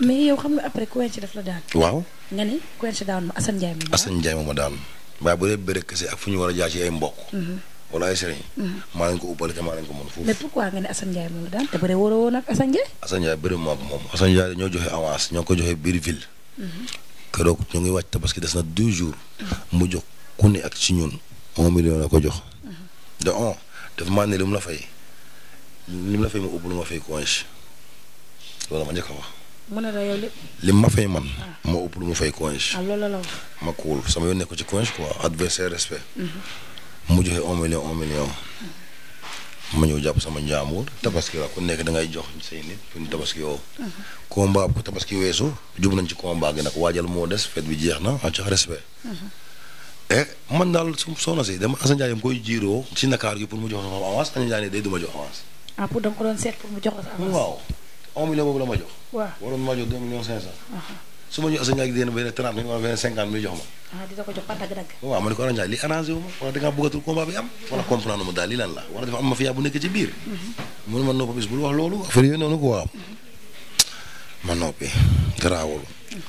mais yow xam nga après Quench daf la daan. waaw nga ne Quench daan ma Assane Ndiaye ma. Assane fu ñu war a jaar ci ay mhm. mhm. maa leen ko ubbale te maa leen ko mën foofu. mais pourquoi nga ne Assane Ndiaye moom la ñoo joxe avance ñoo ko joxe biir ville. Mhm. keroog ñu ngi wàcc parce que des na deux jours. mu jox ku ne ak ci ñun. un million la ko jox. de on dafa maa ne li la fay li la fay ma ubbi lu ma fay loolu ma njëkk a mu li. ma fay man. Ah. ma ëpp lu mu fay Quench. Ah, ma kuul sama yoon nekk ci Quench quoi adversaire respect. Mhm. mu joxe un million un million. ma ñëw jàpp sama njaamuur tabaski la ko nekk da ngay jox say nit pour tabaski woo. Mhm. combat ko tabaski weesu jub nañ ci combat gi nag waajal moo des fête bi jeex na jox respect. Mhm. et eh, man daal su soxna si dama Assane Ndiaye mu koy jiiroo ci nakaar gi pour mu jox la avance Assane Ndiaye day du jox avance. ah pour da ko waaw waroon maa jox deux millions cinq cent. su ma ñëw Assane Ndiaye di leen benn trente mille wala benn ma. ah di la ko jox par dagg-dagg. waaw ma ne ko Orange li arrangé wu ma wala da ngaa bëggatul combat bi am. wala comprendre mu daal lii lan la wala dafa am mafia bu nekk ci biir. Mhm. mu ne ma noppi bis bul wax loolu affaire yooyu noonu quoi. Mhm. ma noppi garaawul.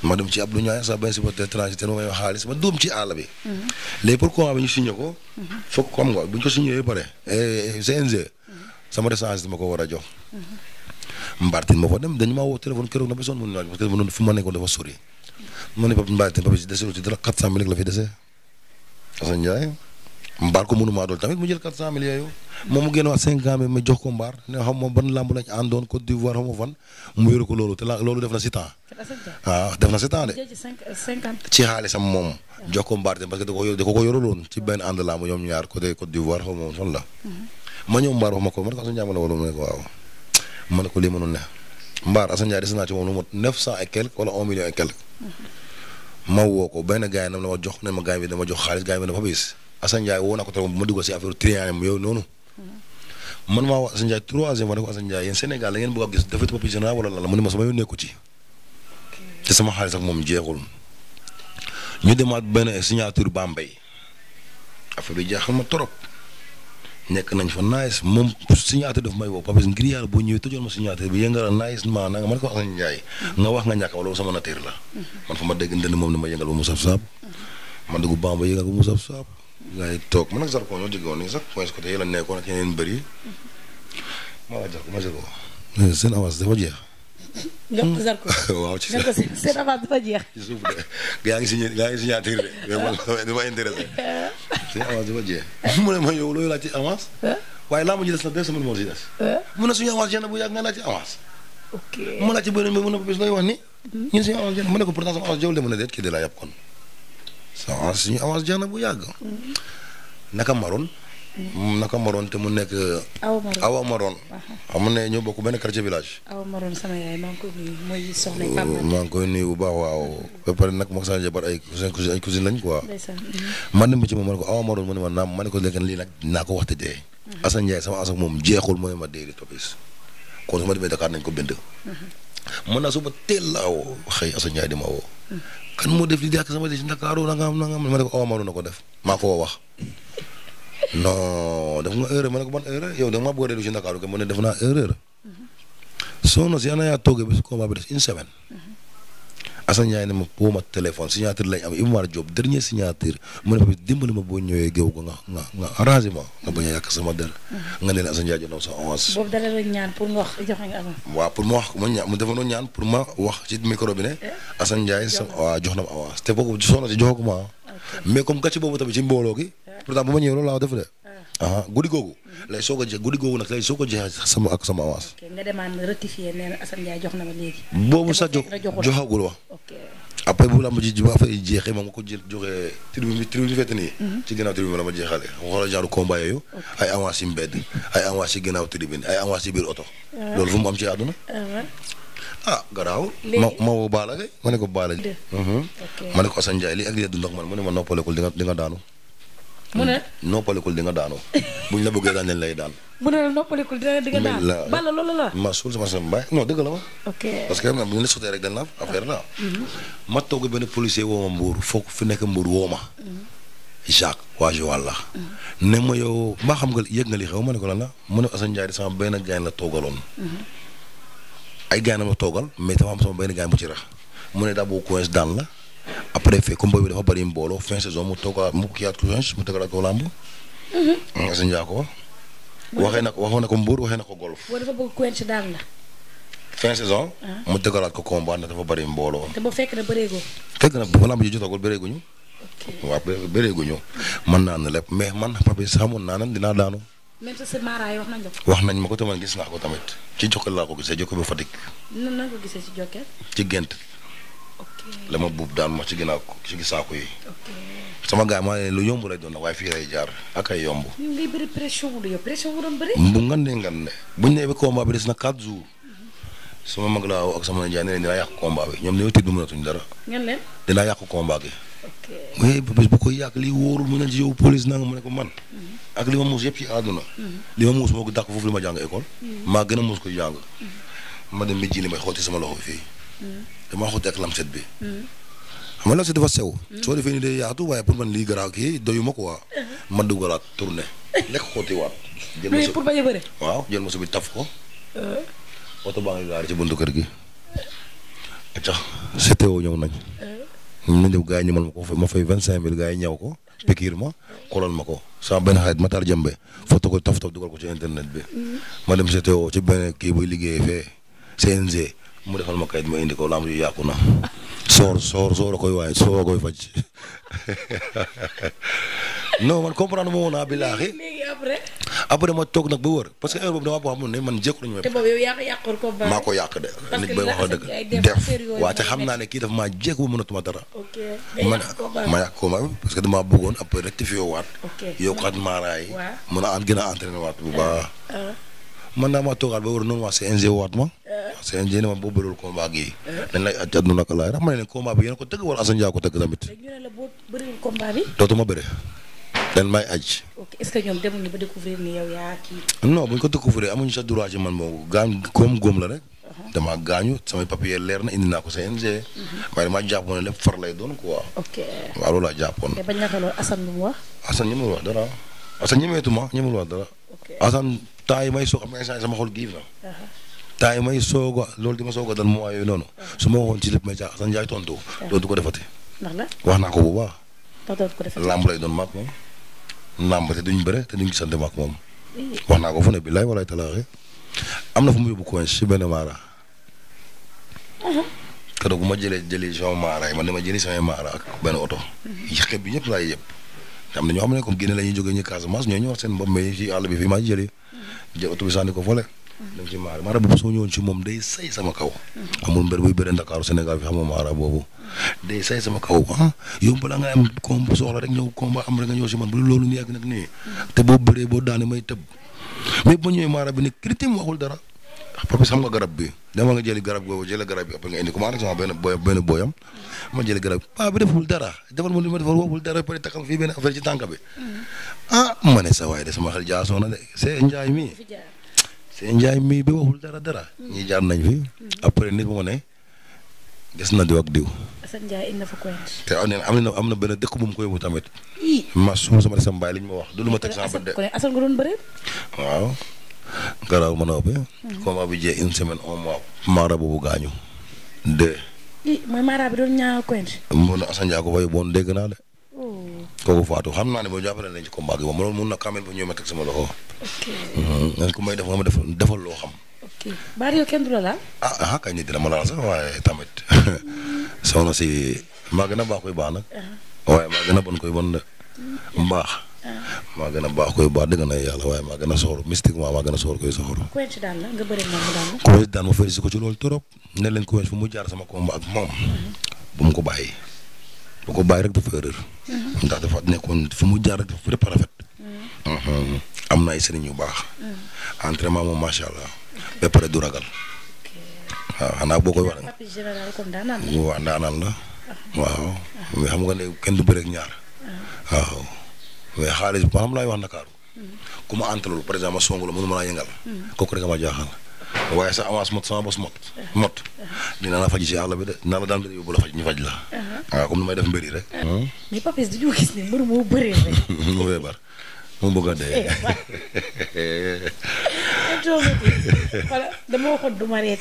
ma dem ci Abdou Ndiaye sax benn supporter étranger may wax xaalis ma dóom ci àll bi. Mhm. léegi pour combat bi ñu signé ko. foog xam nga bu ñu ko signé ba pare. Eh, eh, eh, CNG sama recensement ma ko war a jox. Mbartine moo fa dem dañu maa woo téléphone keroog ba sonn mu ne laaj parce que mënoon fu ma nekkoon dafa sori ma ne Pape Mbartine Pape si desul ci dara mbaar ko mënu maa dool tamit mu jël ma jox ko mbaar ne xam ma ban làmb lañ àndoon Côte d'Ivoire xam ma fan mu yore ko loolu te loolu def na si def na si temps de. ci xaalisam moom. jox ko mbaar parce que da ko da ko yoroloon ci benn ànd làmb ñoom ñaar côté Côte d'Ivoire ma fan la. Mhm. ma mbaar wax ma ko man Assane Ndiaye ma ko waaw. ma ne ko lii mënul ne Mbaar Assane Ndiaye des naa ci moom lu mot neuf cent et quelque wala un million et quelque. ma woo ko benn gars yi na ma la jox ne ma gars bi dama jox xaalis gars yi ma dafa bis Assane Ndiaye woo naa ko trop bu ma dugg si affaire trianam yooyu noonu. man maa woo Assane Ndiaye troisième fois ne ko Assane Ndiaye yéen Sénégal da ngeen bëgg a gis dafa topp général wala lan la mu ne ma sama yoon nekku ci. te sama xaalis ak moom jeexul. ñu demaat benn signature Bambey affaire bi jaaxal ma trop. nekk nañ fa nice moom signature daf may woo Papis ngir yàlla boo ñëwee tëjoon ma si signature bi yëngal nice ma na nga man ko wax nga njaay nga wax nga ñàkk wala sama a la man fa ma dégg ndënd moom ne ma yëngal ba mu sab saab man dugg bamba yëngal ba mu sab saab gars yi toog man ak Zarko ñoo jógewoon nii sax point côté yi la nekkoon ak yeneen ma maa ngi Zarko ma Zarko seen avance dafa jeex nga ko Zarko. waaw ci sa seen avance dafa jeex. ci suuf de yaa ngi si yaa ngi si ñaataire de mais du ma intéressé seen avance dafa jeex. mu ne ma yow loolu laa ci avance. waaye laa ma ji des na deux semaines moo ci des. mu ne suñu avance jeex na bu yàgg nga laa ci avance. ok mu laaj ci bëri mu ne ko bis looy wax ni. Hmm? ñun suñu avance jeex na mu ne ko pourtant sama avance jaww ji mu ne déet kii de laa yàpp kon. sama avance suñu avance jeex na bu yàgg. Hmm. naka maroon. Mm, naka Maroon te mu nekk. Awa Maroon Awa Maroon. xam ne ñoo bokk benn quartier village. Awa Maroon sama yaay maa ngi koy nuyu mooy soxna mm, ba pare nag moo sama jabar ay cousin ay cousine lañ quoi. Mhm. man dem ba ci moom ma ne ko Awa Maroon ma ne ma ma ne ko léegi lii nag naa ko wax te dee. Mhm. a Ndiaye sama a moom jeexul mooy ma dee di topis kon su ma demee nañ ko bind. mën mhm. naa suba teel laa woo xëy Assane Ndiaye di ma woo. kan moo def li di ak sama dee ci Ndakaaru nangam nangam ma ne ko Awa Maroon na ko def maa ko wax. non def nga erreur ma ne ko ban erreur yow da nga ma bëgg a ma ne def naa erreur soxna si ana yaa toogee ba si combat ma woo ma téléphone signature lañ am Ibou Mar Diop ma boo ñëwee géew a yàq sama der nga ne Assane Ndiaye jox sa avance. boobu dara nga ma wax ma ñaan mu pour ma wax ci micro bi ne. Eh? Assane Ndiaye sa jox na ma avance te boobu soxna si joxaguma mais comme gàcce boobu tamit ci mbooloo gi. pourtant bu ma ñëwee loolu laa def de. ah googu. lay soog a jeex guddi googu nag lay soog a jeex sama ak na boobu sax jox joxagul wax. après bu lamb ji ji ba affaire yi jeexee ma ma ko jël joxee tribune bi tribune bi fekk nii. Mhm. ci ginnaaw tribune bi ko ma jeexalee xoolal genre combat yooyu. ay avance yu mbedd ay avance yu ginnaaw tribune ay avance yu biir oto. Euh. loolu fu mu am ci àdduna. Euh. ah garaawul. ma ma woo Baala kay ma ne ko Baala. Mhm. ma ne ko Assane Ndiaye lii ak lii du ndox man mu ne ma noppalekul di daanu. mu ne la bëggee daan leen lay daan. mu ne la noppalekul di nga daan bala loolu la. ma suul sama sama bu ñu la sotee rek dañ la mhm. ma toog benn policier woo ma Mbour foog fi nekk Mbour woo ma. Mhm. Jacques waa la. ne ma yow xam nga yëg nga li ma ne ko lan la mu ne Assane di sama benn gaañ la toogaloon. ay gaana ma toogal mais dafa am sama benn gaay mu ci rax mu ne daa boo coince daan la après fekk combat bi dafa bëri mbooloo fin saison mu tooga ko làmb mhm. sëñ Jaako waxee na ko waxoon na ko mbuur waxee na ko golf boo saison ah. mu tëgalaat ko combat na dafa bëri mbooloo te ba fekk na bëreegoo fekk na ba làmb ji jotagul bëreeguñu waaw bëreeguñu mën naa na lépp mais man Papis xamoon naa ne dinaa daanu wax nañ ma ko tamit gis naa ko tamit ci Jokal laa ko gisee Jokal ba Fatick. ci gent ci gént. ok ma buub daan ma ci ginnaaw ko ci gisaako yi. sama gars maa ne lu yomb lay doon waaye fii lay jaar ak ay yomb. ñu ngi bëri bu ngan ne ngan nee ba combat bi des na 4 jours. sama mag laa woo ak sama nijaay ne leen dinaa yàq combat bi ñoom ñoo tiit bu mënatuñ dara. ngeen leen dinaa yàq combat bi. mais bis bu ko yàq lii wóorul mu ne ci yow police mu ne ko man mm-hmm. ak li yëpp ci àdduna mm-hmm. li ma ko dàq foofu li ma jàng école mm-hmm. maa a muus ko jàng ma dem mi ji li may xotti sama loxo fii damaa xotti ak lamset bi xam nga lamset dafa sew soo defee ni day yaatu man lii garaaw kii doyu ma quoi uh-huh. ma dugalaat tourné lekk xotti waat jël waaw jël ma subi taf ko uh-huh. oto baa ngi gaari ci buntu kër gi acca setewo ñëw nañ uh-huh. ma ñëw gars yi ñamal ma ko ma fay vingt cinq mille gars yi ko pikiir ma xoolal ma ko sama benn xarit Matar Jembe foto ko taf taf dugal ko ci internet bi ma dem CTO ci benn kii buy liggéeyee fee CNG mu defal ma kayit ma indi ko lamb yu yàqu na soor soor soor a koy waaye soor a koy faj non man comprendre moo naa billaahi après. après ma toog nag ba wër parce que heure boobu damaa ko xamoon ne man jékku nañu. te boobu ko maa ko yàq de. nit wax dëgg def waaw te xam naa ne kii dafa maa jékku ba mënatuma dara. ok ma yàq ko ma yàq ko parce que damaa bugoon après rectifié waat. ok maaraay. waaw mën a gën a entraîné waat bu baax. Ah. Ah. man naa maa toogaat ba wër noonu waa CNG waat ma. Ah. CNG ne ma boo bëriwul combat gi. dañ lay àcc àdduna ak laay rax ma ne combat bi yéen ko tëgg wala Assane ko tëgg tamit. dootuma bëre ok est-ce que ñoom demuñu ba découvrir ni yow yaa kii. non buñ ko sa droit ci uh-huh. na indi naa ko CNG. Uh-huh. waaye damaa jàppoon ne lépp far lay la ko lool Assane lu mu wax. Assane ñemul wax dara Assane ñemeetuma ñemul wax dara. ok Assane temps yi may soog am instant sama xol giif na. Uh-huh. temps yi may soog a loolu di ma soog a dal mois yooyu noonu. ko defati. la wax naa ko bu baax. ndax dootu lay doon maak moom. naam ba te duñ bëre te duñ gisante ma ak moom. wax naa ko fu ne billaay walaay talaaxe am na fu mu yóbbu coince si benn maara. Uh-huh. keroog bu ma jëlee jëli sama maara yi man dama jëli samay maara ak benn oto. xeeb bi ñëpp laay yëpp. te am ñoo xam ne comme Guinée la ñuy jógee ñu Casamance ñoo ñu wax seen mbob mi ci àll bi fii maa jëlee. Uh-huh. jël oto bi sànni ko fole. dem ci maara maara boobu soo ñëwoon ci moom day say sama kaw. Uh-huh. amul mbër buy bëre Ndakaaru senegal fi xam nga maara boobu. day say sama kaw ah yow balaa nga am koom soxla rek ñëw koom am rek nga ñëw si man bu loolu nii ak nag nii te boo bëree boo daane may tëb mais bu ñëwee maara bi ne critim waxul dara ah, parce sama garab bi dama nga jëli garab googu jëlee garab bi après nga indi ko maanaam sama benn booy benn booyam ma jëli garab bi paa bi deful dara defal ma li ma defal waxul dara pare taxal fii benn affaire ci tànk bi mm. ah ma ne sa waay de sama xel jaasoo na de c'est Njaay mii c'est Njaay mii bi waxul dara dara mm. ñi jaar nañ fi mm. après nit mu ne gis na diw diw Assane Ndiaye indi na fa Quench. te nee na am na am na benn dëkk bu mu koy yóbbu tamit. ii ma su ma sama desam mbaay li ñu ma wax. du lu ma teg sama bët de kon Assane nga doon bëree. waaw. Garaaw ma noppi. combat bi jee une semaine un mois. Mara boobu gaañu. deux. ii mooy Mara bi doon ñaanal Quench. mu ne Assane Ndiaye ko fa yóbboon dégg naa de. Oh. kooku faatu xam naa ne boo jàppale nañ ci combat gi moom loolu mun na kaamel ba ñëw ma teg sama loxo. ok nga mhm. ku may def nga ma defal loo xam. kii Baari yow kenn du la ah, ah, ma laal sax waaye koy baax nag. Ah. waaye maa bon koy bon de mm. mbaax. maa gën a baax koy baax dëgg na yàlla waaye maa gën a soxor mystiquement maa gën ko ci loolu trop ne leen Quench fu mu jaar sama combat ak moom. Mm-hmm. bu mu ko bàyyi. bu ko bàyyi rek dafa erreur. Mm-hmm. ndax dafa nekkoon fu mu jaar rek dafa rafet. Mm-hmm. am na ay sëriñ yu baax. entraînement moom macha allah. ba pare du ragal waaw xanaa boo koy wax. waaw ndaanaan la. waaw ah. Ah. mais xam nga ne kenn du bëre ak ñaar. Ah. waaw mais xaalis bi xam laay wax Ndakaaru. Hmm. ku ma antalul par exemple ma song la mënu ma laa yëngal. Hmm. kooku rek ma waaye sa avance mot sa bos mot. mot dina la faj si àll bi de dina la daan bëri yóbbu la faj ñu faj la. waaw comme ni may def mbir yi rek. mais Papis dañoo gis ne mbër moo bëree rek. mu bëgg a dee. Eh, voilà dama waxoon du ma ree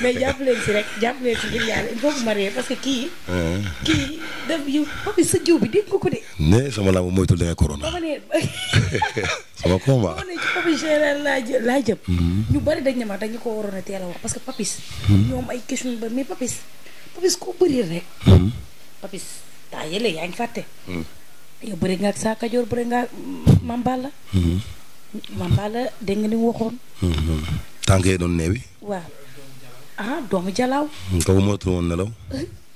mais jàpp leen si rek jàpp leen si ngir yàlla il faut ma ree parce que kii. Eh. kii daf yu papi sa jiw bi dégg nga ko de. ne sama laamu moytul da ngay corona. sama combat ma ne ci papi général laa laa jëm. Mm-hmm. ñu bari dañ ne ma dañu ko waroon a teel wax parce que papis. Mm-hmm. ñoom ay question ba mais papis papis koo bëri rek. Mm-hmm. papis taa yële yaa ngi fàtte. Mm. yow bëri nga ak saa kajoor bëri nga ak Mamballa. Mamballa mhm. dégg nga ni mu waxoon. Mhm. tànk yi doon neewi. waaw ah doomu Jalaaw. kooku moytu woon nelaw.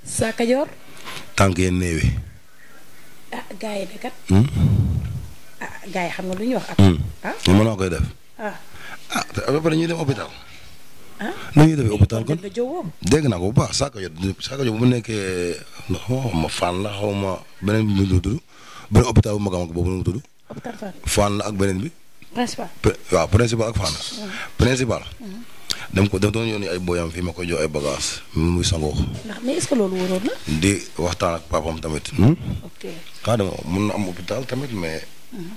saa kajoor. tànk yi neewi. ah gars yi kat. Hmm? ah xam nga lu ñuy wax. ak hmm. ah ñu mënoo koy def. Ah. ah ba pare ñuy def hôpital. ah nu ñuy defee hôpital kon dégg naa ko bu baax saa kajoor saa mu bu nekkee xaw la xaw ma beneen bi mu dund. beneen hôpital bu mag a beneen bi. principal waaw mm-hmm. Mm-hmm. ko dama doon ay booyam fii ma koy jox ay bagages ce que loolu waxtaan ak papam tamit. Hmm? ok xaaral mun na mm-hmm.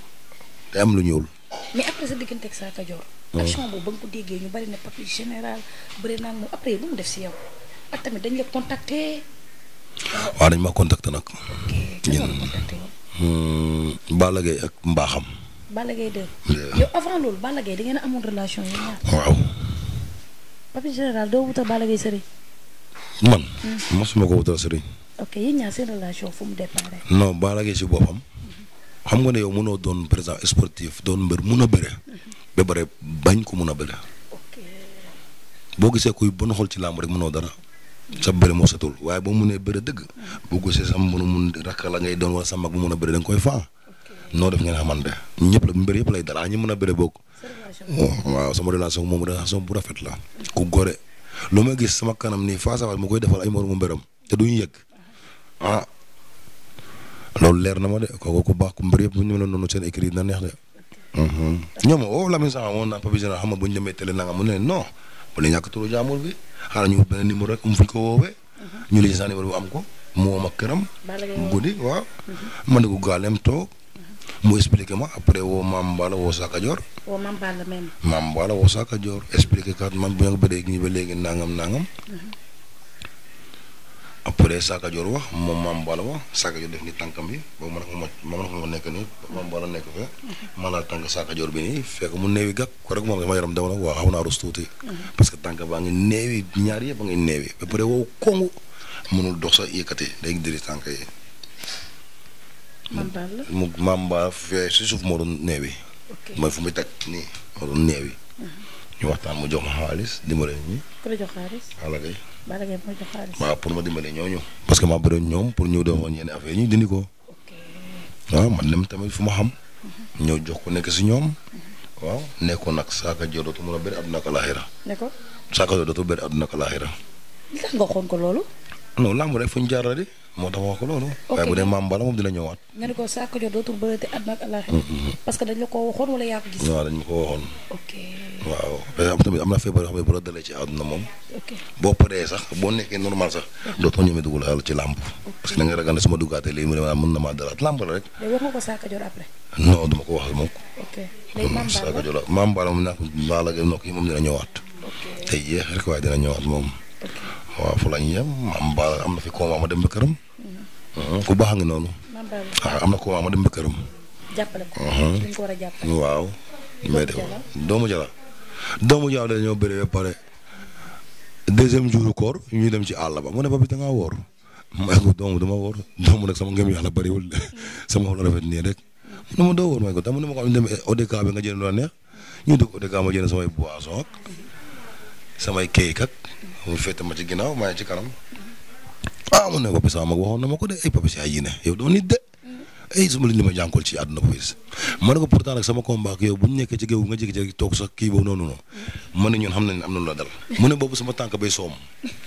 am lu ñuul. mais après sa diggante ak Sa ba nga ko déggee ñu bari na papi général bëri naa moom après lu mu def si yow ak tamit dañ la contacter. waaw dañ ma contacter nag. Hmm, Balla Gaye ak Mbaxam. Balla Gaye 2. yow avant loolu Balla Gaye da ngeen amoon relation yi waaw. Papis Général doo wutal Balla Gaye sëriñ. man. Hmm. mosuma ko wutal sëriñ. ok ñaar seen relation fu mu départ. non Balla Gaye si boppam. xam nga ne yow mënoo doon président sportif doon mbër mun a bëre. ba bëre bañ ko mun a bëre. boo gisee kuy bon xol ci làmb rek mënoo dara. sa bëri moo satul waaye boo mënee bëri dëgg bu ko see sa mënu mun rakk la ngay doon wala sa mag bu mën a bëri da nga koy faa noo def ngeen xamante ñëpp la mbir yëpp lay dara ah, ñu mën a bëri bokk oh, waaw sama relation moom bu rafet la ku gore lu ma gis sama kanam nii face mu koy defal ay moromu mbéram te duñu yëg ah loolu leer na ma de kooku ku baax ku mbir bu ñu la noonu seen neex de mhm. ñoom o oh, Lamine sax woon naa Pape Général xam nga bu ñu demee télé nanga mu ne non bu ne ñàkk turu jaamur bi xaaral ñu beneen numéro rek am um fu ñu woowee. ñu ne sa numéro bu am ko mu woo ma këram. mu guddi waaw. Mhm. ma ne ko gaalem toog. mu expliqué ma après woo maam Mballa woo Sakka Dior. maam Mballa woo Sakka Dior expliqué kat man bu ñu ko bëree ñu ba léegi nangam nangam. Mhm. après Saka Dior wax moom maam Balla wax Saka Dior def ni tànkam yi ba man ma ma ma ma nekk nii maam Balla nekk fe ma laal tànk Saka Dior bi nii fekk mu néewi gàpp ko rek moom dama naa rus tuuti. parce que tànk baa ngi néewi ñaar yëpp a ngi néewi. ba mënul dox sa yëkkati day diri tànk yi. mu maam Balla fee si suuf moo doon néewi. mooy fu muy teg nii moo doon néewi. Mhm. ñu waxtaan mu jox ma xaalis dimbale ñi. ku la jox Balla Gaye moo jox xaalis. pour ma dimbale ñooñu. parce que ma bëri ñoom pour ñu doon woon yenn affaire yi ñu dindi ko. waaw man dem tamit fu ma xam. ñëw jox ko nekk si ñoom. waaw nekkoon nag saaka joo dootu mën a bëri àdduna ak laaxira. ne ko saaka joo dootu bëri àdduna ak laaxira. li tax nga ko loolu. non fu ñu jaar moo tax wax ko loolu. waaye bu dee maam bala moom dina ñëwaat. nga ne ko saako jot dootul bëreeti àdduna ak allah. parce que dañ la ko waxoon wala yaa ko gis. ma ko waxoon. ok waaw. mais am na feebar yoo xam ne bu moom. boo paree sax boo nekkee normal sax. dootoo ñëwee dugg la ci làmb. parce que da nga ragal ne su ma duggaatee na maa dalaat làmb la rek. mais wax ko saako jot après. non dama ko wax moom. ok léegi maam Balla moom maam Balla moom naa ko Balla Gaye nokk yi moom dina ñëwaat. ok tey yéex rek waaye dina ñëwaat moom. waaw fu la ñuy yem am ba am na fi combat ma dem ba këram. Mm-hmm. Mm-hmm. ku baax nga noonu. Ah, am na combat ma dem ba këram. jàppale ko. li mm-hmm. ñu ko war doomu jala doomu jala dañoo bëri ba pare deuxième jour koor ñu dem ci àll ba mu ne ba bi da ngaa woor may ko doomu dama woor doomu nag sama ngëm yàlla bëriwul sama xol rafet nii rek mu ma doo woor may ko dama ne ma ko am dem ODK bi nga jënd lu la neex ñu dugg ODK ma jënd samay boisson ak samay kéyik ak mu féete ma ci ginnaaw maa ngi ci kanam ah mu ne Papa Sow mag waxoon na ma ko de ay Papa Sow yi ne yow doo nit de ay su ma li ma jànkool ci àdduna Papa Sow ma ne ko pourtant nag sama combat ak yow bu ñu nekkee ci géew nga jékki-jékki toog sax kii boobu noonu noonu ma ne ñun xam nañ ne am nañu la dal mu ne boobu sama tànk bay soom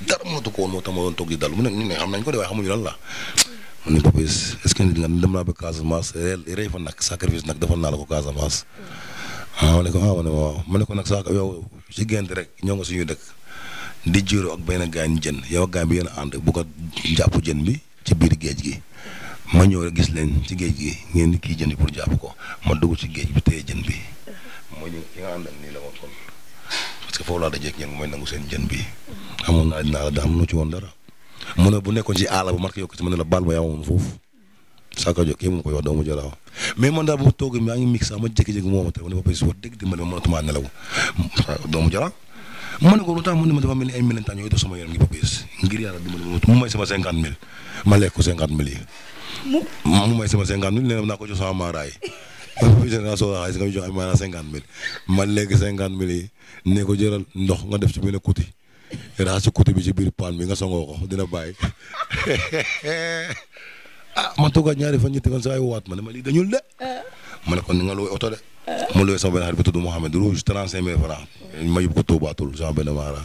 dara mënatu ko woon moo tax ma doon toog di dal mu ne ñun xam nañ ko de waaye xamuñu lan la mu ne Papa Sow est-ce que nit nga dem naa ba Casamance rey fa nag sacrifice nag defal naa la ko Casamance ah ma ne ko ah ma ne waaw ma ne ko nag sax yow ci gént rek ñoo nga suñuy dëkk di jiiróo ak benn gaañ jën yow ak gaañ bi yéen a ànd bu ko jàpp jën bi ci biir géej gi ma ñëw gis leen ci géej gi ngeen di kii jën bi pour jàpp ko ma dugg ci géej bi téye jën bi mooy ñu ki nga àndal ma kon parce que foofu laa dajee ak ñoom mooy nangu seen jën bi amoon naa dinaa la daan mënu ci woon dara mu ne bu nekkoon ci aala bu marqué yokk ci ma ne la baal ma yaawoon foofu saaka jo kii mu koy wax doomu Jolaaw mais man daal bu maa ngi mix sax ma jékki-jékki moo ma tey ma ne ma béy si wax dëgg dimbali ma nelaw doomu Jolaaw ma ko lu tax mu ne ma dafa mel ni ay melentaan yooyu def sama yaram gi ba bees ngir yàlla dimbali ma mu may sama cinquante mille ma lekk ko cinquante sama cinquante mille naa ko jox sama maaraay bi génération xaalis nga jox ay maaraay cinquante mille ma lekk cinquante mille ne ko jëral ndox nga def ci benn kuti raxas ci kuti bi ci biir paan bi nga songoo ko dina bàyyi ah man toogaat ñaari fan ñetti fan saa yu waat ma ne ma lii dañul de. Ah. ma ne kon ni nga looy oto ma looy sama benn xarit bu tudd Mouhamed Rouge 35000 francs ma yóbbu ko Touba Toul sama benn maara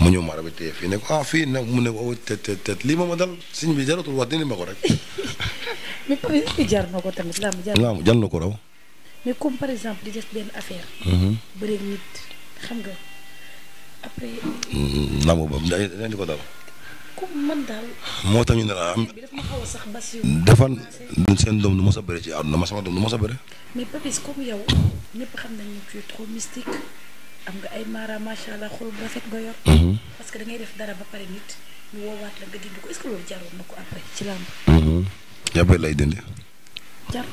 ma ñëw maara bi téye fii ne ko ah fii nag mu ne ko oh, te lii ma ma dal siñ bi jaratul wax dindi ma ko jar na ko tamit làmb jar jar na ko raw. mais comme par exemple di def benn affaire. Mhm. bëri nit xam nga après. Mm, làmb ba ko dal. moo tax ñu ne la am. dafa seen doom du mos a bëre ci am nga ay mara macha allah xol bu rafet nga yor. Mhm. na ko après ci làmb. Mhm. yàbbee lay dindi. jar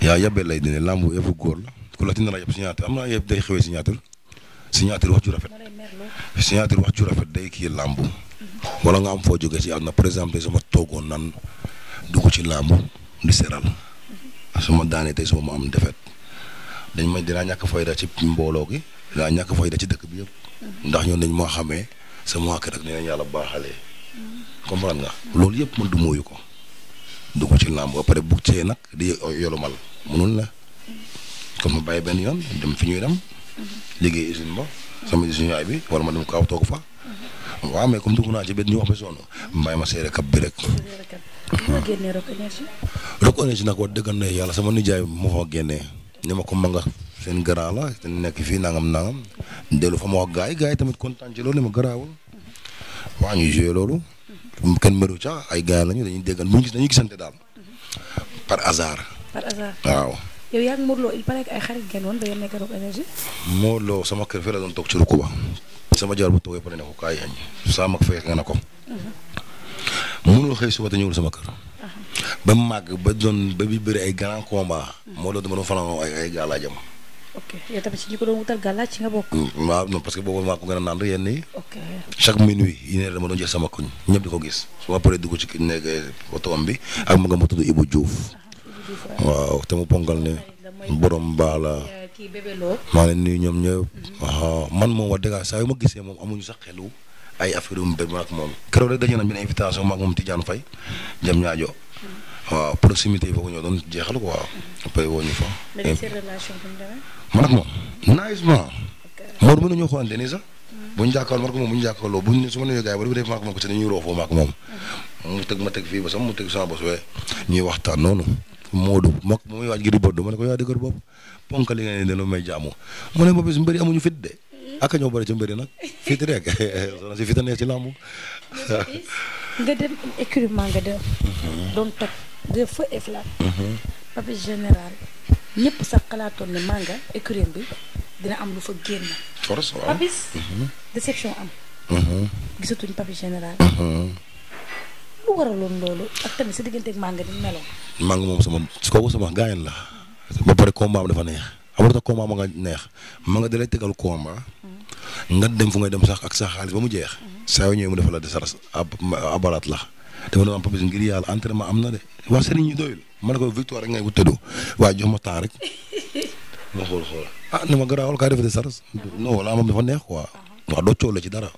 yaa yàbbee lay dindi làmb yëfu góor la ku la dina la yëpp signature am naa yëpp day xewee signature signature wax ju rafet. signature wax ju rafet day kii làmb. wala nga am foo jógee ci àdduna par exemple tey toogoon nan dugg ci làmb di seral su ma daanee tey su ma am defet dañ ma dinaa ñàkk fayda ci mbooloo gi dinaa ñàkk fayda ci dëkk bi yëpp ndax ñoon dañ maa xamee sama waa kër ak nee yàlla baaxalee comprendre nga loolu yëpp man du mooyu ko dugg ci làmb pare bug cee nag di yolumal mënul la comme ma bàyyi benn yoon dem fi ñuy dem mm-hmm. liggéey usine ba sama usine yaay bi wala ma dem kaw toog fa waaw mais comme dugg naa ci benn ñu wax ba sonn mbay ma seere kap bi rek. waaw génnee Énergie. Rock Énergie nag wax dëgg ne yàlla sama nijaay moo fa génnee ni ma ko ma nga seen grand la te nekk fii nangam nangam dellu fa ma wax gars yi gars yi tamit kontaan ci loolu ni ma garaawul waa ñu joué loolu. kenn mënu ca ay gars lañu dañuy déggal mu gis dañuy gisante daal. par hasard. waaw. sama kër fii la toog ci Rukuba. sama jaar bu toogee pare ne ko kaay añ saa mag fekk nga na ko. mënul xëy suba te ñëwul sama kër. ba mu ba doon ba bi bëri ay grand combat. moo doon dama doon fanaan ay ay gàllaajam. Mm, parce que boobu maa ko gën a naan yenn yi. ok minuit yi ne dama ma paree dugg ci nekk oto am bi ak mu ah, waaw te mu ne borom baala. kii bébé loo. maa leen nuyu ñoom ñëpp. waaw man moom wax dëgg saa yu ma gisee moom amuñu sax xelu ay affaire yu mu béy ak moom keroog rek daje nañ benn invitation maag moom Tidiane Faye. jëm ñaajo. waaw proximité boobu ñoo doon jeexal quoi. après woo ñu fa. mais seen relation bi mu demee. man ak moom nice ma. Mor mën nañoo xoolante nii sax. Hmm. bu ñu jàkkaarloo man ko moom bu ñu jàkkaarloo bu ñu su ma nee gars yi bu def maak moom ko si dañuy roofoo maak moom. Hmm. mu teg ma teg fii ba sama mu teg sama bos wee ñuy waxtaan noonu. Moodu moom mooy waaj gi di bodd ma ne ko yaa dëgër boobu ponk li nga ne dina may jaamu mu ne ma bés mbëri amuñu fit de ak ñoo bëri ci mbëri nag fit rek soxna si fit a neex ci nga dem écurie Manga 2. de mhm. sax xalaatoon ne Manga dina am lu fa génn. force waaw Papis. Mhm. déception am. Mhm. gisatuñ Papis général. lu waraloon loolu ak tamit sa digganteeg Manga ni meloon. Manga moom sama kooku sama gaayan la. ba pare combat am dafa neex amul tax combat ma nga neex ma nga dalay tegal combat. nga dem fu ngay dem sax ak sa xaalis ba mu jeex. sa yoo ñëwee mu defal la desars ab abalaat la dafa doon am Papis ngir yàlla entraînement am na de waa Serigne ñu doyul ma ne ko victoire rek ngay wut tëddu waaye jox ma temps rek nga xool xool ah ni ma garaawal kaa def desars non wala moom dafa neex quoi waaw doo coow la ci dara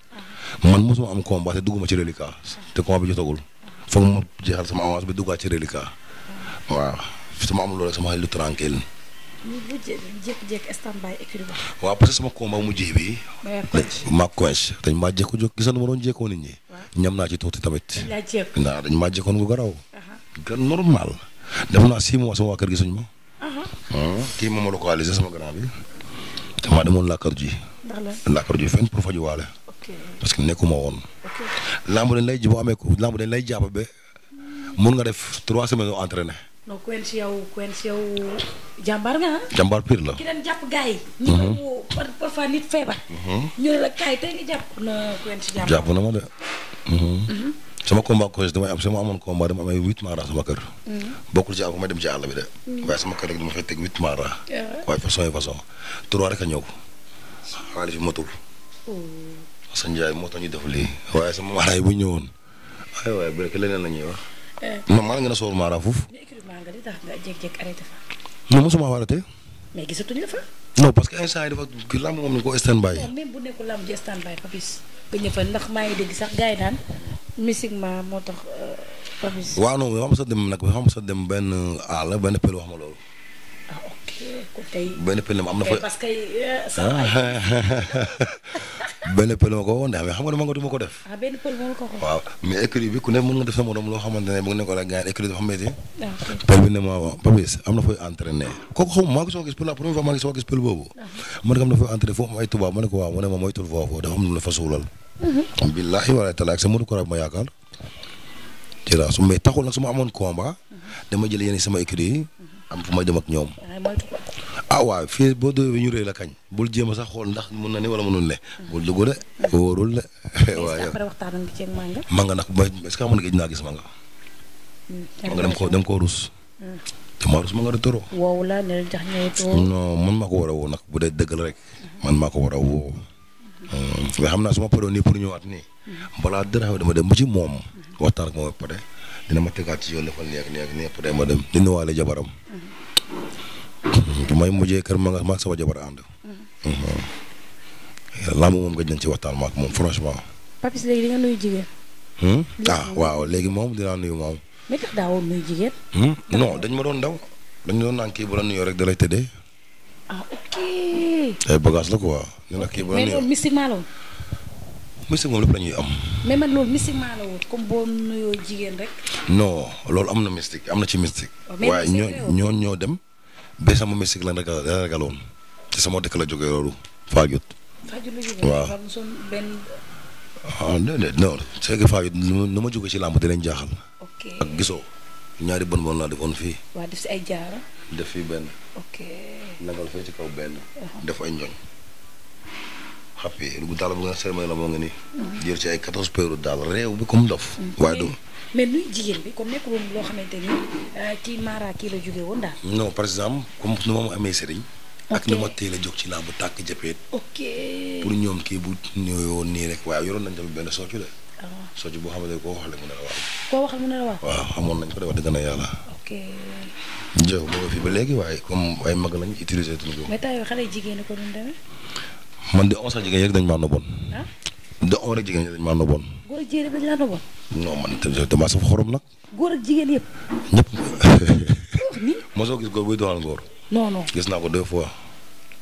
man mosuma am combat te dugguma ci reliquat te combat bi jotagul foog ma jeexal sama avance bi duggaat ci reliquat waaw. su ma amul loolu sama xel lu tranquille. waaw parce que sama combat mujjee bi. ma coince dañ maa jékko-jékko gis nga doon jékkoon nit ñi. ñam naa ci tuuti tamit. dañ laa jékko ndax dañ maa jékkoon gu garaw. gan normal. def naa six mois sama waa kër gisuñ ma. kii moom ma localisé sama bi. damaa demoon lay ji boo amee ko làmb lay jàpp ba. mun nga def trois semaines yoo entraîné. non ku si la. ki mhm. mhm. jàpp na ku si jàmbaar. ma de. Mhm. sama combat ko damay sama amoon combat dama am ay huit mara sama kër. bokkul ci àll ba may dem ci de. waaye sama kër rek dama fay teg mara. Ah. waaye façon façon trois rek a ñëw. xaalis bi matul. Oh. sa njaay moo def lii. waaye sama mara yi bu ñu wax. Eh. man a sóor mara foofu. Eh, xanaa nga mosuma warate. mais gisatuñ la fa. non parce que instant dafa kii làmb moom na ko stand by. bu nekkul làmb ji stand by nga ñëw ndax maa ngi dégg sax gars yi naan mystiquement moo tax euh, Papis. waaw non mais xam sa dem nag xam sa dem benn àll benn pël wax ma loolu. benn pël ma am na fa eh, eh, ah, benn pël ma ko woon de xam nga dama nga du ma ko def. Ah, waaw mais écrit bi ku ne mën nga def sa morom loo xamante ne bu nga ne ko la gaañ écrit dafa métti. Ah, pël bi ne ma waaw Papis am na fooy entraîné kooku xaw ma maa ngi soo gis pour la première fois maa ngi soo gis pël boobu. ma ne ko am na fooy entraîné foofu am ay tubaab ma ne ko waaw mu ne ma moytul foofu dafa am lu la fa suulal. Mhm. billaahi wala taala ak sa mënu ko rab ma yaakaar. ci laa su mais taxul nag su ma amoon combat mhm. dama jël yenn sama écrit yi am fu may dem ak ñoom. ah waaw fii boo déwénee ñu rëy la kañ. bul jéem a sax xool ndax mun na ne wala mënul ne. bul dugg de. wóorul de. maa rus manga de man maa ko war a woo nag bu dee dëgg la rek. man maa ko war a woo. Hmm, mais naa su ma paree nii pour ñëwaat nii. Hmm. balaa dara dama dem ba ci moom. Hmm. waxtaan ak moom ba pare. dina ma tegaat ci yoon defal nii ak nii ak nii après ma dem di nuwaale jabaram. may mujjee kër ma ma ak sama jabar ànd. làmb moom gëj nañ ci waxtaan ma ak moom franchement. Papis léegi di nga nuyu jigéen. Hmm? ah waaw léegi moom dinaa nuyu moom. mais tax daawoon nuyu jigéen. Hmm? non dañ ma doon daw dañ doon naan kii bu la nuyoo rek da lay tëddee. Ah, ok. ay eh, bagage la quoi. ñu ne kii bu la maa la mystique moom lépp la am. mais man loolu mystiquement la woon comme boo nuyoo jigéen rek. non loolu am na mystique am na ci mistik oh, waaye ñoo ñoo ñoo dem. ba sama mystique la ragal lan ragaloon ci sama dëkk la jógee loolu Fajut. Fajut la jógee waaw ah déedéet non c'est que Fajut nu ma jógee ci làmb dinañ jaaxal. ak gisoo ñaari bon bon laa defoon fii. def si ay jaara. def fii benn. ci kaw benn. Uh-huh. def ay njoñ. xappi lu daal bu nga sërmay la moo nga ni jël ci ay quatorze peeru daal réew bi comme dof waaye dum mais nuy jigéen bi comme nekkul woon loo xamante euh, par exemple comme nu ma amee sëriñ ak ni ma teel la jóg ci laa bu tàkk jëppeet ok pour ñoom kii bu ñëwoon nii rek waaye yoroon nañ tamit benn soccu de ah. soccu boo xamante ne koo waxale mu ne la mu ne la waaw waaw xamoon nañ ko de wax dëgg na yàlla ok boobu fi ba léegi waaye comme ay mag lañ utiliser tuñ ko man de on sa jigéen rek dañ maa noboon. de on rek jigéen dañ maa dañ laa noboon. non man damaa saf xorom nag. góor ak jigéen yëpp. ñëpp. mosoo gis naa ko deux fois.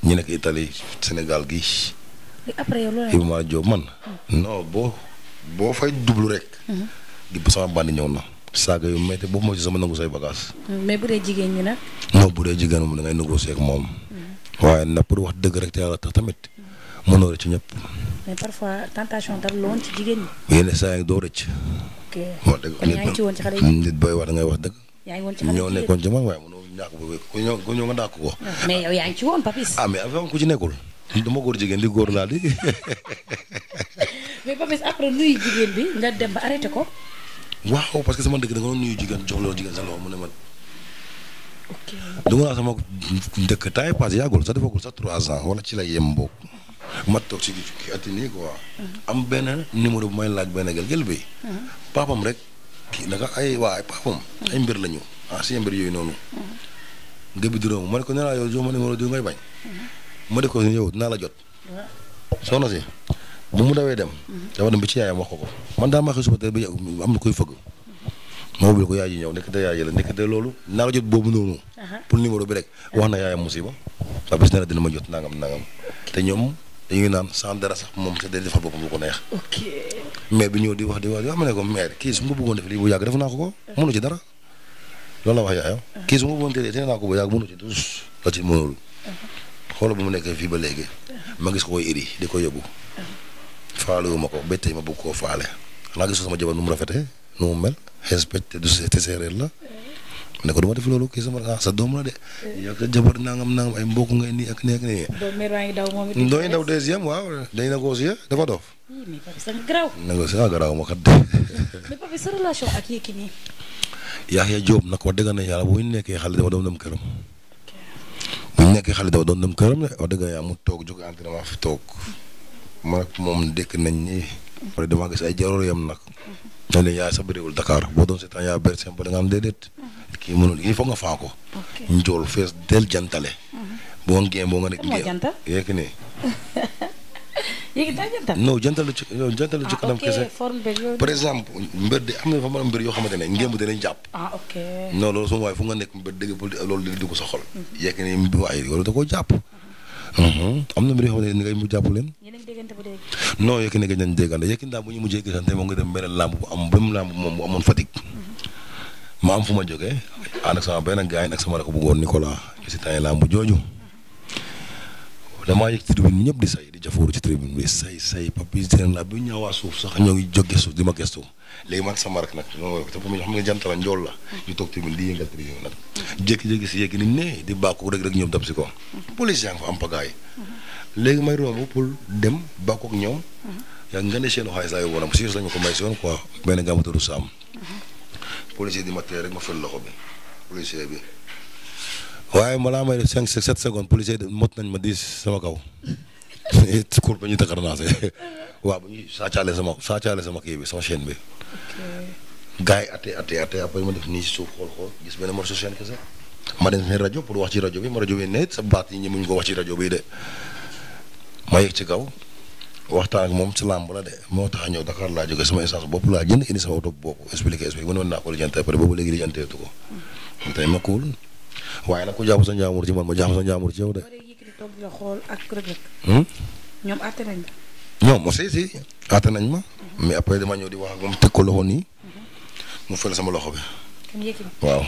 ñu nekk Italie Sénégal gii. après hmm. boo boo fay dublu rek. Hmm. di sama bandi ñëw na. saaga yu métti boobu moo ci sama nangu say bagage. Hmm, mais bu dee jigéen ñi nag. non bu dee jigéen moom da ngay ak moom. waaye na pour wax dëgg rek te yàlla tax tamit. mënoo rëcc ñëpp. mais parfois tentation dal la ci jigéen ñi. yenn saa yi doo rëcc. ok kon ngay wax dëgg. yaa ngi woon ci xale nekkoon ci man waaye mënoo ñàkk bu ku ku yaa ngi ci woon ah, nekkul. dama góor jigéen di góor laa di. mais Papis après nuyu jigéen bi nga dem ba arrêté ko. waaw parce sa loxo mu trois ans wala ci la yem ma toog si kii nii quoi. am benn numéro bu may laaj benn gël bi. papam rek kii papam. ay mbir la ah si mbir yooyu noonu. gëbi juróom ma ne ko nee naa ma numéro du ngay bañ. ma la jot. soxna si bu mu dawee dem. dafa dem ba ci yaayam wax ko ko man daa ma xëy suba tey ba am na koy fëgg. ma wóobale ko yaay ji ñëw nekk te yaay ji la nekk te loolu naa la jot boobu noonu. pour numéro bi rek wax na yaayam musiba. waa bis nee na dina ma jot nangam nangam te ñoom. dañuy naan sans dara sax moom sax day defal boppam lu ko neex. ok bi ñëw di wax di wax di wax ma ne ko maire kii su ma bëggoon def lii bu yàgg def naa ko ko. mënu ci dara loolu la wax yaayam. kii su ma bëggoon teel teel naa ko bu yàgg mënu ci dus la ci mënul. xoolal bu mu nekkee fii ba léegi. ma gis ko iri di ko yóbbu. faalewu ma ko ba tey ma bëgg koo faale. xanaa gis sama jabar nu mu rafetee nu mu mel respecté du te séeréer la. ne ko du ma def loolu kii sama sa doom la de. yàgg sa jabar nangam nangam ay mbokk ngay nii ak nekk nii. doom meer waa waaw dañ négocier dafa dof. mais Papis sa garaaw. négocier ah garaaw de. mais Papis sa relation ak Yékini. na yàlla bu ñu nekkee xale dama doon dem këram. bu ñu nekkee xale doon dem këram de mu toog jóg entraînement fi toog. man ak moom dëkk nañ nii. wala dama gis ay jarul yam nag. dañ yaay sa bëriwul dakaar boo doon seetaan yaa bëri simple da nga am déedéet. Mhm. kii mënul yii foog nga faa ko. ok njool fees del jantale. Mhm. boo ngeen boo nga nekk ngeen. janta yéeg ci jantalu ci ah, kanam kese. par exemple mbër de am na a mbër yoo xamante ne ngeen bu danañ jàpp. ah ok non loolu sama waay fu nga nekk mbër dëgg loolu dugg sa xol. Mhm. yéeg nii waaye loolu da koo jàpp. Mm-hmm. am na mbir yoo xam ne ni ngay mu jàpp leen. yéen a ngi déggante ba léegi. yekki Yékini ñu déggante Yékini daal bu ñu mujjee gisante moom nga dem beneen làmb bu am benn làmb moom bu amoon Fatick. Mm-hmm. ma am fu ma jógee ànd ak sama benn gars yi ak sama rakk bu góor Nicolas ci temps làmb jooju. damaa yëg tribune bi ñëpp di say di jafóoru ci tribune bi say say papi seen la bu ñaawaa suuf sax ñoo ngi jóge suuf di ma gëstu léegi man sama rak nag te bu ñu tribune di yëngal tribune nag jékki-jékki si yegg ni ne di bàkku rek ñoom dab ko police yaa fa am pagaay léegi may romb pour dem bàkku ak ñoom yaa nga ne seen xaalis laay wonam si lañu ko may si woon quoi benn gàmmataru saam mhm. policier di ma tee rek ma fël loxo bi policier bi waaye balaa may def cinq sept secondes policier mot nañ ma diis sama kaw. ci cour ba ñuy taxar naa see waaw ba ñu saacaale sama saacaale sama kii bi sama chaîne bi. gars yi atte atte atte après ma def nii si suuf xool xool gis benn morceau chaîne kese. ma dem rajo pour wax ci rajo bi ma rajo bi ne sa baat yi ñemuñ ko wax ci rajo bi de. ma yegg ci kaw waxtaan ak moom ci làmb la de moo tax a ñëw Dakar laa jóge sama essence bopp laa jënd indi sama oto bopp expliqué expliqué mënoon naa ko lijjantee après boobu léegi lijjanteetu ko. Hmm. ma kuul. waaye nag ku jaamu sa njaamur ci man ma jaamu sa njaamur ci yow de. Hmm? ñoom àtte nañ ma. nañ ma. mais après dama ñëw di wax ak moom teg ko loxo nii. Mhm. mu fële sama loxo bi. waaw.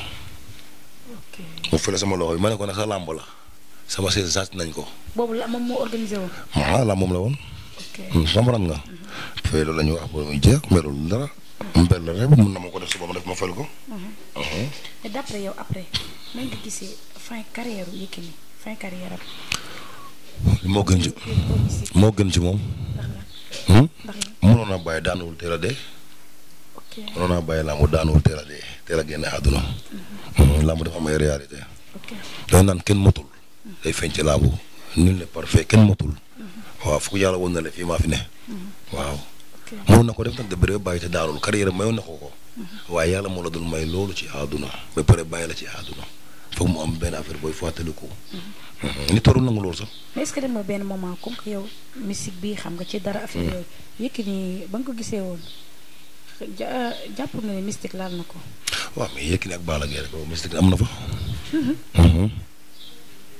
sama loxo bi ma ne ko nag sa làmb la. sama sées saat nañ ko. moom la woon. ah la moom la woon. ok hmm, comprendre nga. Mhm. fee loolu la wax ba muy jeex mais dara. benn la rek mën na ma ko def suba ma def ma fal ko. Mhm. Mhm. moo gën ci moo gën ci moom. Hmm? bàyyi daanuwul teel a dee. ok mënoon naa bàyyi làmb daanuwul teel a dee teel a génne àdduna. Mhm. Hmm, làmb dafa am ay réalité. naan kenn motul. day feeñ ci làmb. nul n'est parfait kenn motul. waaw fu yàlla woon na la fii maa fi ne. waaw. mënoon na ko def nag de bëre bàyyi te daanul carrière mayoon na ko ko. Mhm. waaye yàlla moo la dul may loolu ci àdduna ba pare bàyyi la ci àdduna foog mu am benn affaire booy fàttaliku. Mhm. Mhm. nit warul nangu loolu sax. mais est-ce que benn moment comme que yow musique bi xam nga ci dara. affaire yooyu Yékini ba nga ko gisee woon euh, jàpp nga ne mystique laal na ko. waaw mais Yékini ak Balla Gaye rek mystique am na fa.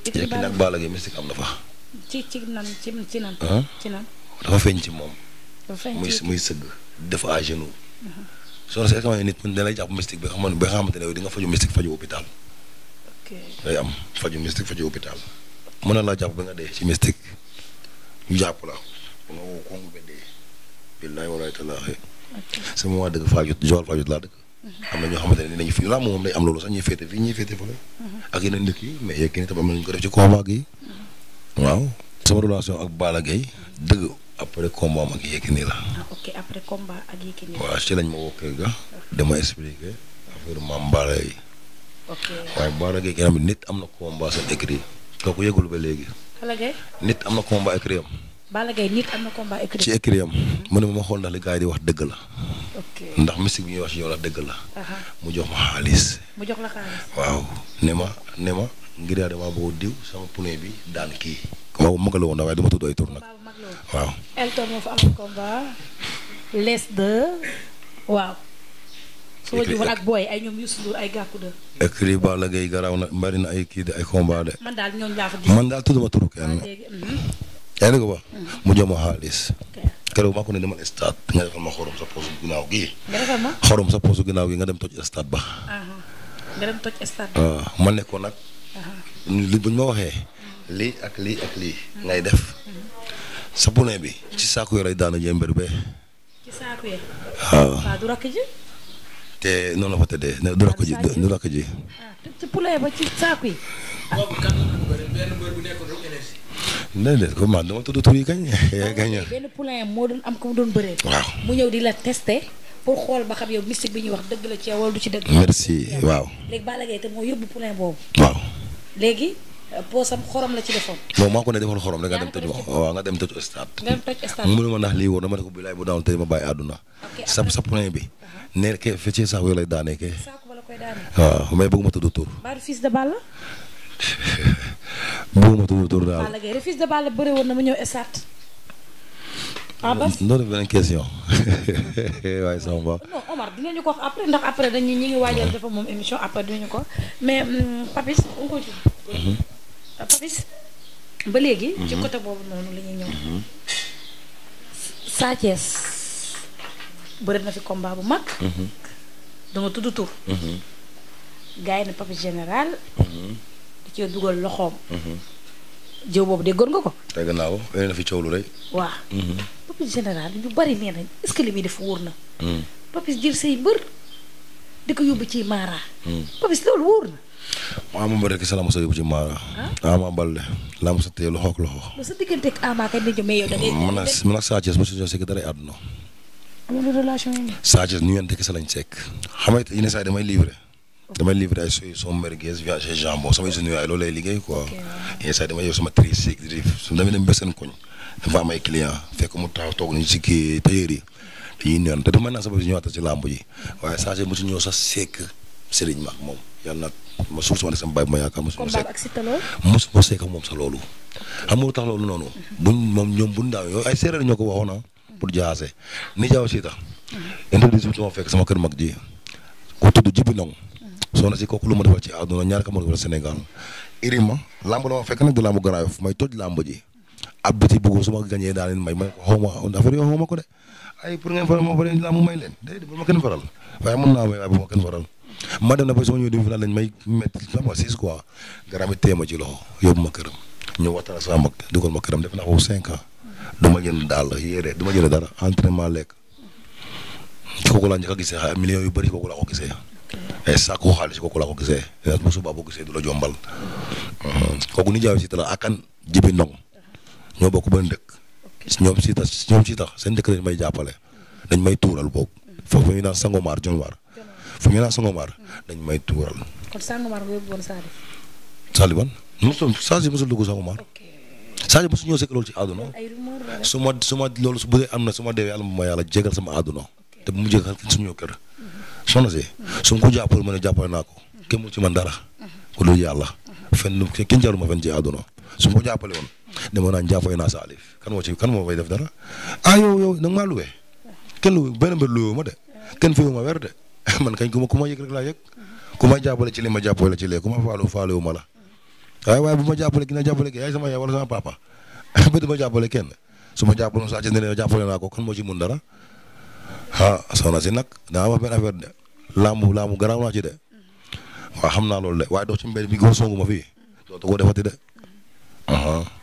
Yékini ak Balla Gaye mystique am na fa. ci ci nan ci nan. ci dafa feeñ ci moom. muy muy sëgg dafa à genoux. soxna si est-ce que jàpp mystique bi nga xamante di nga faju mystique faju hôpital. am faju mystique faju hôpital. mën na jàpp ba nga dee ci jàpp la ba nga woo kongu ba dee. waa dëgg Fajut Joal Fajut laa dëgg. am na ñoo xamante ne dinañu fi laa moom day am loolu sax ñuy féete fii ñuy féete fële. Mhm. ak yeneen dëkk yi mais yegg ni tam am na ñu ko def ci combat gi. Mhm. waaw sama relation ak Balla Gaye dëgg. après combat am ah, ak Yékini la. la. waaw si lañ ma woo kër ga. dama expliqué affaire maam Baara yi. ok waaye Baara Gueye nga nit am na combat seen écrit kooku yëgul ba léegi. nit am na combat écrit am. Balla Gaye nit am na combat écrit ci am mhm. mu ne ma xool ndax li gars yi di wax dëgg la. ok ndax mystique bi ñuy wax ci yow la dëgg la. mu jox ma xaalis. waaw ne ma ne ma ngir yaa damaa bëgg diw sama pune bi daan kii. waaw mag la woon na waaye tudd ay tur nag waaw. Elton moo waaw. ak booy ay ñoom Youssou Ndour ay gàkku de. écrit Balla Gaye garaaw na mbari na ay kii de ay combat de. man daal tudd ma turu kenn. Mhm. yaa ngi ko wax. Mhm. mu jox ma xaalis. keroog maa ko ne demal stade nga nga defal ma xorom sa poosu ginnaaw gi nga dem toj stade ba. ma nekkoon nag. buñ ma waxee. lii ak lii ak lii ngay def sa pune bi ci saako yi lay daanu jëm mbir bee. ci saako yi. waaw waaw te noonu la fa tëddee du rakk ji du rakk ji. Ah, ci pune ba ci saako yi. boobu kan benn mbër dama tudd tur yi kañ. Ah, kañ benn poulain moo doon am ko mu doon bëree. waaw mu ñëw di la teste pour xool ba xam yow mystique bi ñuy wax dëgg la ci wala du ci dëgg. merci waaw. léegi Balla Gaye te moo yóbbu poulain boobu. waaw léegi Euh, poosam xorom la ci defoon. moom maa ko ne defoon xorom rek nga dem tëj wax waaw nga dem tëj stade. nga mu ne ma ndax lii woon dama ne ko bilaay bu daawoon tëj ma bàyyi àdduna. sap sap point bi. Uh-huh. neer ke fecce saako yooyu lay daanee kee. waaw mais bëgguma tudd tur. Badou fils de Balla. bëgguma tudd tur daal. Balla Gaye fils de Balla bëre woon na mu ñëw stade. ah bas loolu question waaye sama mbokk. Omar dinañu ko après ndax après dañu ñu ngi waajal dafa moom émission après Papis ba léegi. ci mhm. côté boobu noonu lañu ñuy ñëw. Mhm. Sa Thiès bëri na fi combat bu mag. Mhm. dama nga tudd tur. gars yi ne Papis général. da cee dugal loxoom. jëw boobu déggoon nga ko. dégg naa ko yéen a fi Papis général ñu bari nee nañ est def wóor na. Papis jël say mbër dëkk yóbbu ci Mara. Papis loolu wóor na. Ama Baldé kese la mos a yóbbu ci Mara. Ah? Ama Baldé a sa diggante ak Ama kay dina mais yow da ngay. man ak man Sa Thiès mosu ñu sekk dara saa yi damay livré. damay livré ay soy son merguez viande jambon samay suñu yaay loolu lay liggéey su ma demee dem ba seen koñ. dafa am ay client fekk mu taxaw toog nañu ci kii tailleur yi. dañuy te du mën naa sama bis ñëwaat ci làmb ji. waaye Sa Thiès mosu ñëw sa sekk sëriñ ma moom yàlla na ma suul sama ne sama baay ma yaakaar ma suul ma seek moom sa loolu xam nga lu tax loolu noonu buñ moom ñoom buñ daaw yooyu ay séeréer ñoo ko waxoon ah, pour jaase ni jaaw si tax mm-hmm. introduce bi sama fekk sama kër mag ji ku tudd Jibi Ndong mm-hmm. soxna si kooku lu ma defal ci àdduna ñaar ka ma defal Sénégal irima lamb la ma fekk nag du lamb garaaw may toj lamb ji ab biti bëgg su gañee daa may may ko xaw yoo xaw ko de ay pour ngeen faral ma faral lamb leen déedéet bu ma kenn faral ma kenn faral ma dem na ba soo ñëwee demi final lañ may métti sama six quoi garaam it téema ci loxo yóbbu ma këram ñu waxtaan sama mag dugal ma këram def naa foofu cinq ans du ma jënd daal yére du ma jënd dara entraînement lekk kooku laa njëkk millions yu bëri kooku laa ko gisee. ok sàkku xaalis kooku laa ko gisee bu subaa du la jombal. Mhm. kooku ni jaay si tala akan jibi ndong ñoo bokk benn ndëkk ñoom si tax ñoom si tax seen dëkk lañ may jàppale. dañ may tuural boog. foofu ñu naan Sangomar Jonwaar fu ñu naan Sangomar dañ may tuural. kon Sangomar nga yóbbu woon Sadio. Sadio ban mosul Sadio sekk loolu ci àdduna. ay su ma su ma loolu su bu dee am na su ma deewee yàlla ma yàlla jégal sama àdduna. te bu mu jégal suñu kër. soxna si su ma ko jàppale ma ne jàppale naa ko. kenn mu ci man dara. ku dul yàlla. fenn kenn jaaruma fenn ci àdduna su ma ko jàppale woon. dama naan jàppale naa Salif kan moo ci kan moo fay def dara ah yow yow nag maa luwee kenn luwee benn mbir luwee ma de kenn fayoo ma weer de man kañ ku ma ku ma yëg rek laa yëg ku ma jàppale ci li ma jàppale ci léegi ku ma faalu faale ma la waaye waaye bu ma jàppale ki na jàppale ki yaay sama yaay wala sama papa ba du ma kenn su ma jàppale saa ci jàppale naa ko kon moo ci mun dara ah soxna si nag daa wax benn affaire de làmb làmb garaaw naa ci de waaw xam naa loolu de waaye dox ci mbéy mi góor songu ma fii dootu ko defati de.